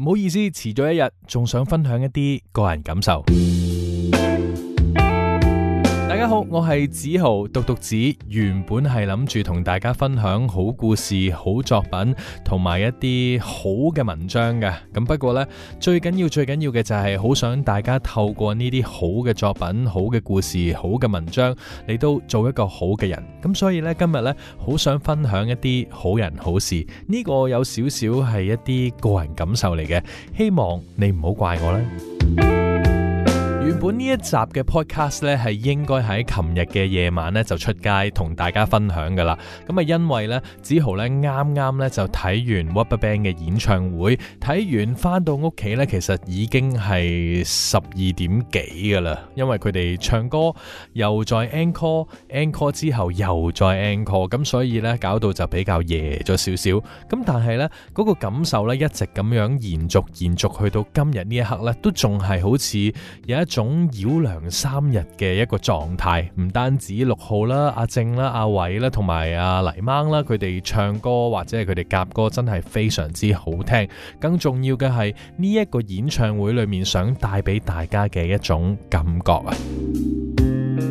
唔好意思，遲咗一日，仲想分享一啲個人感受。我係梓豪，獨讀子原本係諗住同大家分享好故事、好作品，同埋一啲好嘅文章嘅。咁不過呢，最緊要、最緊要嘅就係好想大家透過呢啲好嘅作品、好嘅故事、好嘅文章，你都做一個好嘅人。咁所以呢，今日呢，好想分享一啲好人好事。呢、這個有少少係一啲個人感受嚟嘅，希望你唔好怪我啦。原本呢一集嘅 podcast 咧係應該喺琴日嘅夜晚咧就出街同大家分享噶啦，咁啊因為咧梓豪咧啱啱咧就睇完 RubberBand 嘅演唱會，睇完翻到屋企咧其實已經係十二點幾噶啦，因為佢哋唱歌又再 encore，encore 之後又再 encore，咁所以咧搞到就比較夜咗少少。咁但係咧、嗰個感受咧一直咁樣延續延續去到今日呢一刻咧，都仲係好似有一種。種繞梁三日嘅一個狀態，唔單止六號啦、阿、啊、正啦、阿偉啦、同埋泥鯭啦，佢哋唱歌或者係佢哋夾歌，真係非常之好聽。更重要嘅係呢一個演唱會裏面，想帶俾大家嘅一種感覺啊！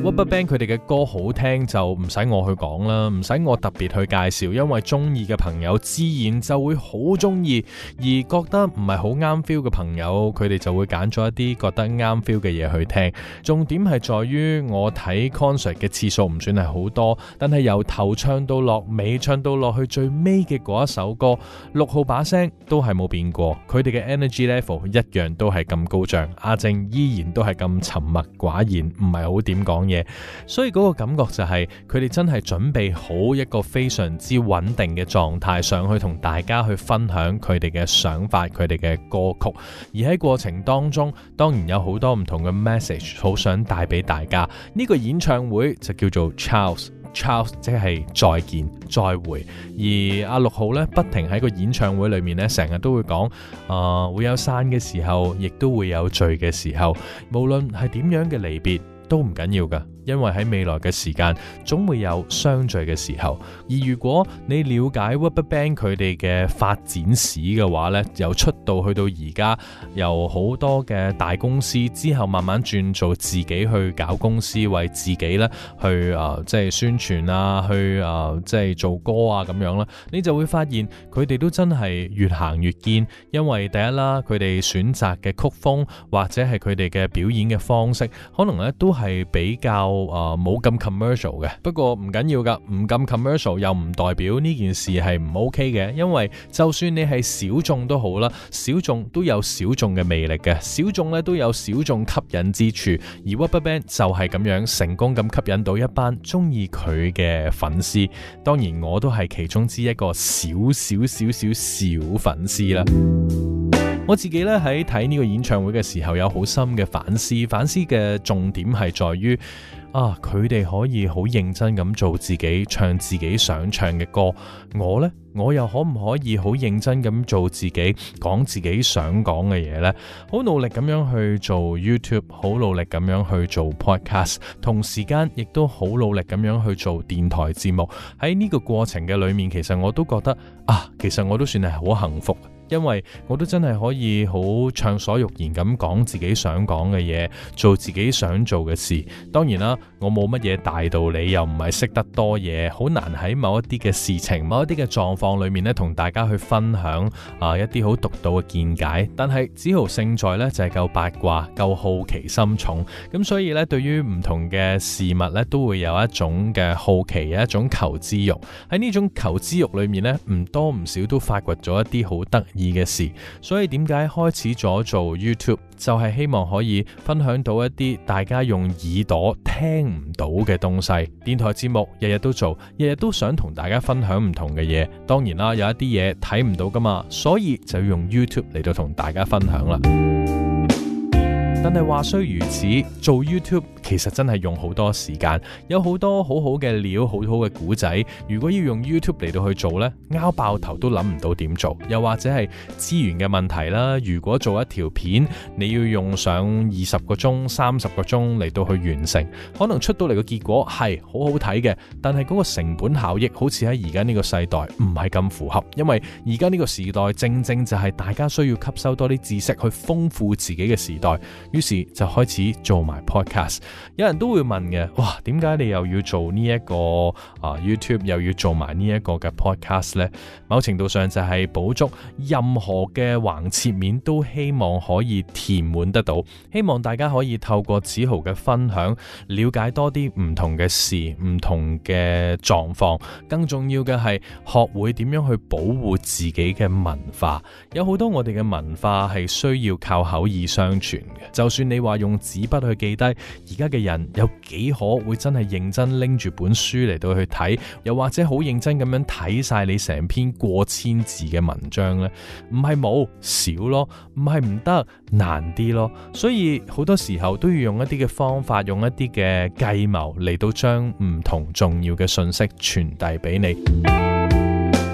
RubberBand 佢哋嘅歌好聽就唔使我去講啦，唔使我特別去介紹，因為中意嘅朋友自然就會好中意，而覺得唔係好啱 feel 嘅朋友，佢哋就會揀咗一啲覺得啱 feel 嘅嘢去聽，重點係在於我睇 concert 嘅次數唔算係好多，但係由頭唱到落尾，唱到落去最尾嘅一首歌，六號把聲都係冇變過，佢哋嘅 energy level 一樣都係咁高漲，阿正依然都係咁沉默寡言，唔係好點講嘢。所以嗰個感覺就係佢哋真係準備好一個非常之穩定嘅狀態，上去同大家去分享佢哋嘅想法、佢哋嘅歌曲。而喺過程當中，當然有好多唔同嘅 message，好想帶俾大家。呢、這個演唱會就叫做 Ciao，Ciao 即係再見、再會。而阿六號呢，不停喺個演唱會裏面咧，成日都會講啊、呃，會有散嘅時候，亦都會有聚嘅時候。無論係點樣嘅離別。都唔緊要噶。因為喺未來嘅時間總會有相聚嘅時候，而如果你了解 Rubberband 佢哋嘅發展史嘅話咧，由出道去到而家，由好多嘅大公司之後慢慢轉做自己去搞公司，為自己咧去啊、呃、即係宣傳啊，去啊、呃、即係做歌啊咁樣啦，你就會發現佢哋都真係越行越堅，因為第一啦，佢哋選擇嘅曲風或者係佢哋嘅表演嘅方式，可能咧都係比較。啊，冇咁、呃、commercial 嘅，不過唔緊要噶，唔咁 commercial 又唔代表呢件事係唔 OK 嘅。因為就算你係小眾都好啦，小眾都有小眾嘅魅力嘅，小眾咧都有小眾吸引之處。而 Rubberband 就係咁樣成功咁吸引到一班中意佢嘅粉絲。當然，我都係其中之一個小小小小小小粉絲啦。我自己咧喺睇呢個演唱會嘅時候，有好深嘅反思。反思嘅重點係在於。啊！佢哋可以好認真咁做自己，唱自己想唱嘅歌。我呢，我又可唔可以好認真咁做自己，講自己想講嘅嘢呢？好努力咁樣去做 YouTube，好努力咁樣去做 Podcast，同時間亦都好努力咁樣去做電台節目。喺呢個過程嘅裏面，其實我都覺得，啊，其實我都算係好幸福。因為我都真係可以好暢所欲言咁講自己想講嘅嘢，做自己想做嘅事。當然啦，我冇乜嘢大道理，又唔係識得多嘢，好難喺某一啲嘅事情、某一啲嘅狀況裏面咧，同大家去分享啊、呃、一啲好獨到嘅見解。但係梓豪勝在咧就係、是、夠八卦、夠好奇心重，咁所以咧對於唔同嘅事物咧都會有一種嘅好奇，一種求知慾。喺呢種求知慾裏面咧，唔多唔少都發掘咗一啲好得嘅事，所以點解開始咗做 YouTube 就係希望可以分享到一啲大家用耳朵聽唔到嘅東西。電台節目日日都做，日日都想同大家分享唔同嘅嘢，當然啦，有一啲嘢，睇唔到㗎嘛，所以就要用 YouTube 嚟，到同大家分享啦。但係話雖如此，做 YouTube。其實真係用好多時間，有好多好好嘅料，好好嘅古仔。如果要用 YouTube 嚟到去做呢，拗爆頭都諗唔到點做。又或者係資源嘅問題啦。如果做一條片，你要用上二十個鐘、三十個鐘嚟到去完成，可能出到嚟嘅結果係好好睇嘅。但係嗰個成本效益好似喺而家呢個世代唔係咁符合，因為而家呢個時代正正就係大家需要吸收多啲知識去豐富自己嘅時代，於是就開始做埋 podcast。有人都會問嘅，「哇，點解你又要做呢一個啊？YouTube 又要做埋呢一個嘅 podcast 呢？」某程度上就係補足任何嘅橫切面，都希望可以填滿得到。希望大家可以透過子豪嘅分享，了解多啲唔同嘅事、唔同嘅狀況。更重要嘅係學會點樣去保護自己嘅文化。有好多我哋嘅文化係需要靠口耳相傳嘅，就算你話用紙筆去記低而家嘅人有幾可會真係認真拎住本書嚟到去睇，又或者好認真咁樣睇晒你成篇過千字嘅文章呢？唔係冇，少咯，唔係唔得，難啲咯。所以好多時候都要用一啲嘅方法，用一啲嘅計謀嚟到將唔同重要嘅信息傳遞俾你。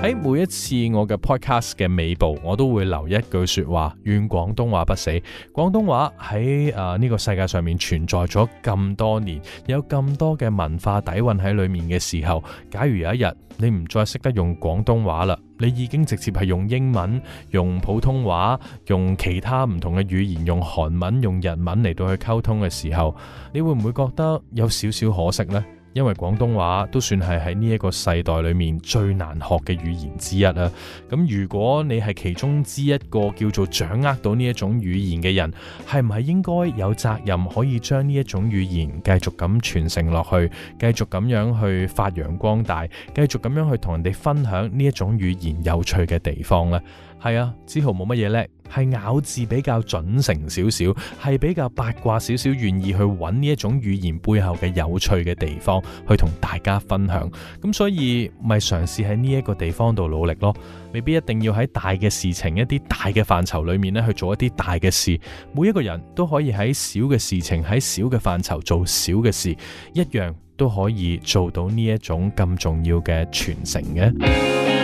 喺每一次我嘅 podcast 嘅尾部，我都會留一句說話，願廣東話不死。廣東話喺誒呢個世界上面存在咗咁多年，有咁多嘅文化底蘊喺裏面嘅時候，假如有一日你唔再識得用廣東話啦，你已經直接係用英文、用普通話、用其他唔同嘅語言、用韓文、用日文嚟到去溝通嘅時候，你會唔會覺得有少少可惜咧？因為廣東話都算係喺呢一個世代裏面最難學嘅語言之一啦。咁如果你係其中之一個叫做掌握到呢一種語言嘅人，係唔係應該有責任可以將呢一種語言繼續咁傳承落去，繼續咁樣去發揚光大，繼續咁樣去同人哋分享呢一種語言有趣嘅地方呢？係啊，梓豪冇乜嘢叻，係咬字比較準成少少，係比較八卦少少，願意去搵呢一種語言背後嘅有趣嘅地方去同大家分享。咁所以咪嘗試喺呢一個地方度努力咯，未必一定要喺大嘅事情，一啲大嘅範疇裏面咧去做一啲大嘅事。每一個人都可以喺小嘅事情，喺小嘅範疇做小嘅事，一樣都可以做到呢一種咁重要嘅傳承嘅。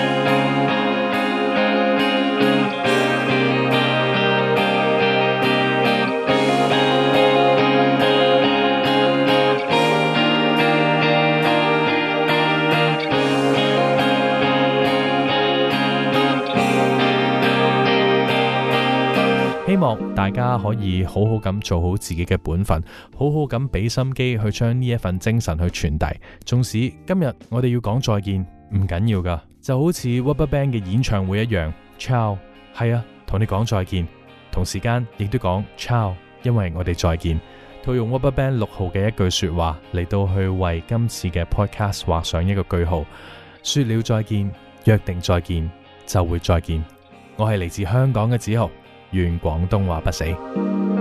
希望大家可以好好咁做好自己嘅本分，好好咁俾心機去將呢一份精神去傳遞。縱使今日我哋要講再見，唔緊要噶，就好似 RubberBand 嘅演唱會一樣，Ciao，係啊，同你講再見，同時間亦都講 Ciao，因為我哋再見。套用 RubberBand 六號嘅一句說話嚟到去為今次嘅 podcast 畫上一個句號。說了再見，約定再見就會再見。我係嚟自香港嘅梓豪。願廣東話不死。